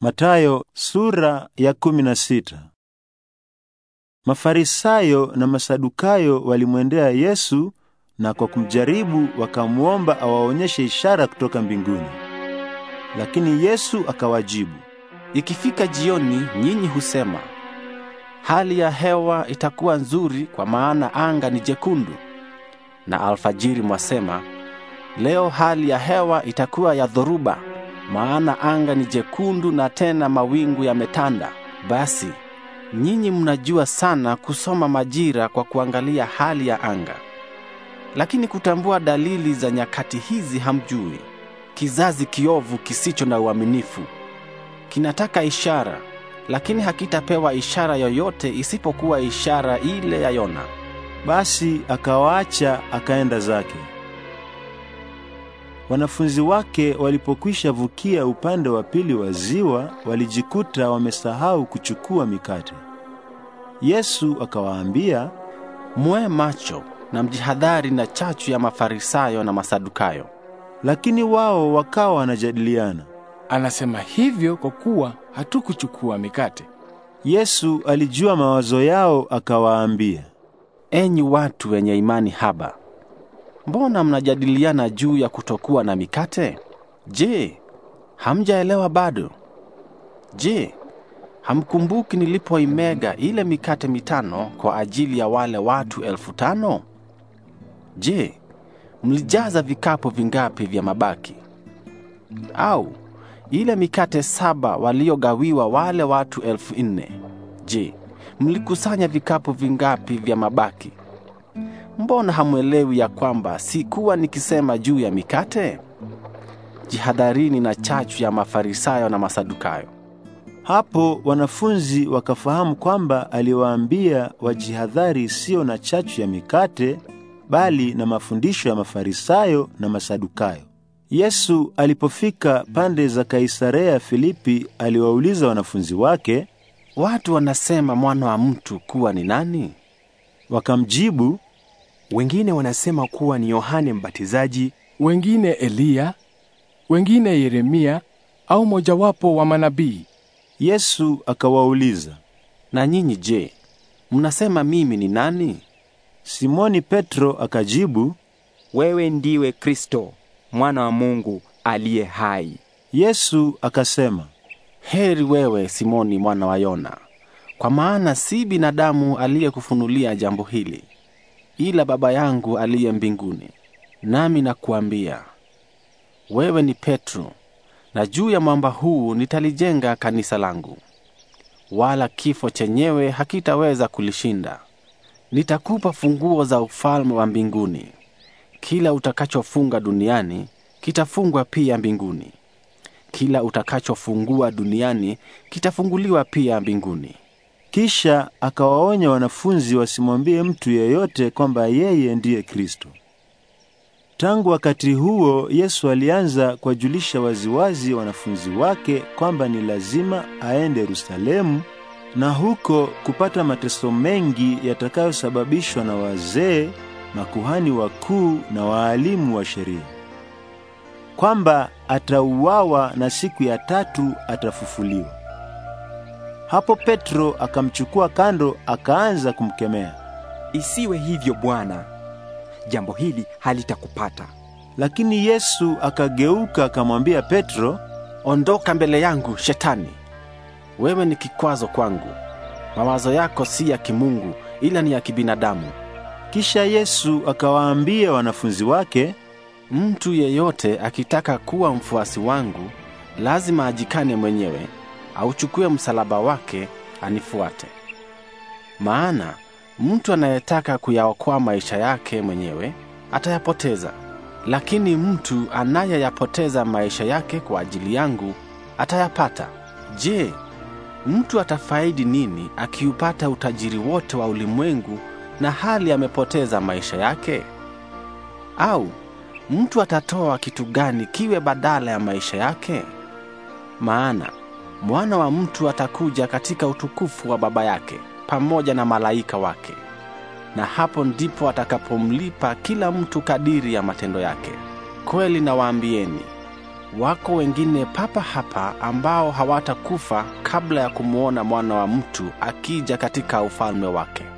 Matayo sura ya kumi na sita. Mafarisayo na Masadukayo walimwendea Yesu na kwa kumjaribu wakamwomba awaonyeshe ishara kutoka mbinguni. Lakini Yesu akawajibu, Ikifika jioni nyinyi husema, hali ya hewa itakuwa nzuri kwa maana anga ni jekundu. Na alfajiri mwasema, leo hali ya hewa itakuwa ya dhoruba maana anga ni jekundu na tena mawingu yametanda. Basi nyinyi mnajua sana kusoma majira kwa kuangalia hali ya anga, lakini kutambua dalili za nyakati hizi hamjui. Kizazi kiovu kisicho na uaminifu kinataka ishara, lakini hakitapewa ishara yoyote isipokuwa ishara ile ya Yona. Basi akawaacha akaenda zake. Wanafunzi wake walipokwisha vukia upande wa pili wa ziwa, walijikuta wamesahau kuchukua mikate. Yesu akawaambia, mwe macho na mjihadhari na chachu ya Mafarisayo na Masadukayo. Lakini wao wakawa wanajadiliana, anasema hivyo kwa kuwa hatukuchukua mikate. Yesu alijua mawazo yao, akawaambia, enyi watu wenye imani haba mbona mnajadiliana juu ya kutokuwa na mikate? Je, hamjaelewa bado? Je, hamkumbuki nilipoimega ile mikate mitano kwa ajili ya wale watu elfu tano? Je, mlijaza vikapu vingapi vya mabaki? Au ile mikate saba waliogawiwa wale watu elfu nne, je, mlikusanya vikapu vingapi vya mabaki? mbona hamwelewi ya kwamba sikuwa nikisema juu ya mikate? Jihadharini na chachu ya Mafarisayo na Masadukayo. Hapo wanafunzi wakafahamu kwamba aliwaambia wajihadhari sio na chachu ya mikate, bali na mafundisho ya Mafarisayo na Masadukayo. Yesu alipofika pande za Kaisarea Filipi, aliwauliza wanafunzi wake, watu wanasema mwana wa mtu kuwa ni nani? Wakamjibu, wengine wanasema kuwa ni Yohane Mbatizaji, wengine Eliya, wengine Yeremia au mojawapo wa manabii. Yesu akawauliza, na nyinyi je, mnasema mimi ni nani? Simoni Petro akajibu, wewe ndiwe Kristo, mwana wa Mungu aliye hai. Yesu akasema, heri wewe Simoni mwana wa Yona, kwa maana si binadamu aliyekufunulia jambo hili ila Baba yangu aliye mbinguni. Nami nakuambia wewe ni Petro, na juu ya mwamba huu nitalijenga kanisa langu, wala kifo chenyewe hakitaweza kulishinda. Nitakupa funguo za ufalme wa mbinguni. Kila utakachofunga duniani kitafungwa pia mbinguni, kila utakachofungua duniani kitafunguliwa pia mbinguni. Kisha akawaonya wanafunzi wasimwambie mtu yeyote kwamba yeye ndiye Kristo. Tangu wakati huo Yesu alianza kuwajulisha waziwazi wanafunzi wake kwamba ni lazima aende Yerusalemu na huko kupata mateso mengi yatakayosababishwa na wazee, makuhani wakuu na waalimu wa sheria, kwamba atauawa na siku ya tatu atafufuliwa. Hapo Petro akamchukua kando, akaanza kumkemea. Isiwe hivyo Bwana, jambo hili halitakupata. Lakini Yesu akageuka akamwambia Petro, ondoka mbele yangu Shetani, wewe ni kikwazo kwangu. Mawazo yako si ya kimungu, ila ni ya kibinadamu. Kisha Yesu akawaambia wanafunzi wake, mtu yeyote akitaka kuwa mfuasi wangu lazima ajikane mwenyewe auchukue msalaba wake anifuate. Maana mtu anayetaka kuyaokoa maisha yake mwenyewe atayapoteza, lakini mtu anayeyapoteza maisha yake kwa ajili yangu atayapata. Je, mtu atafaidi nini akiupata utajiri wote wa ulimwengu na hali amepoteza maisha yake? Au mtu atatoa kitu gani kiwe badala ya maisha yake? Maana Mwana wa mtu atakuja katika utukufu wa Baba yake pamoja na malaika wake, na hapo ndipo atakapomlipa kila mtu kadiri ya matendo yake. Kweli nawaambieni, wako wengine papa hapa ambao hawatakufa kabla ya kumwona Mwana wa Mtu akija katika ufalme wake.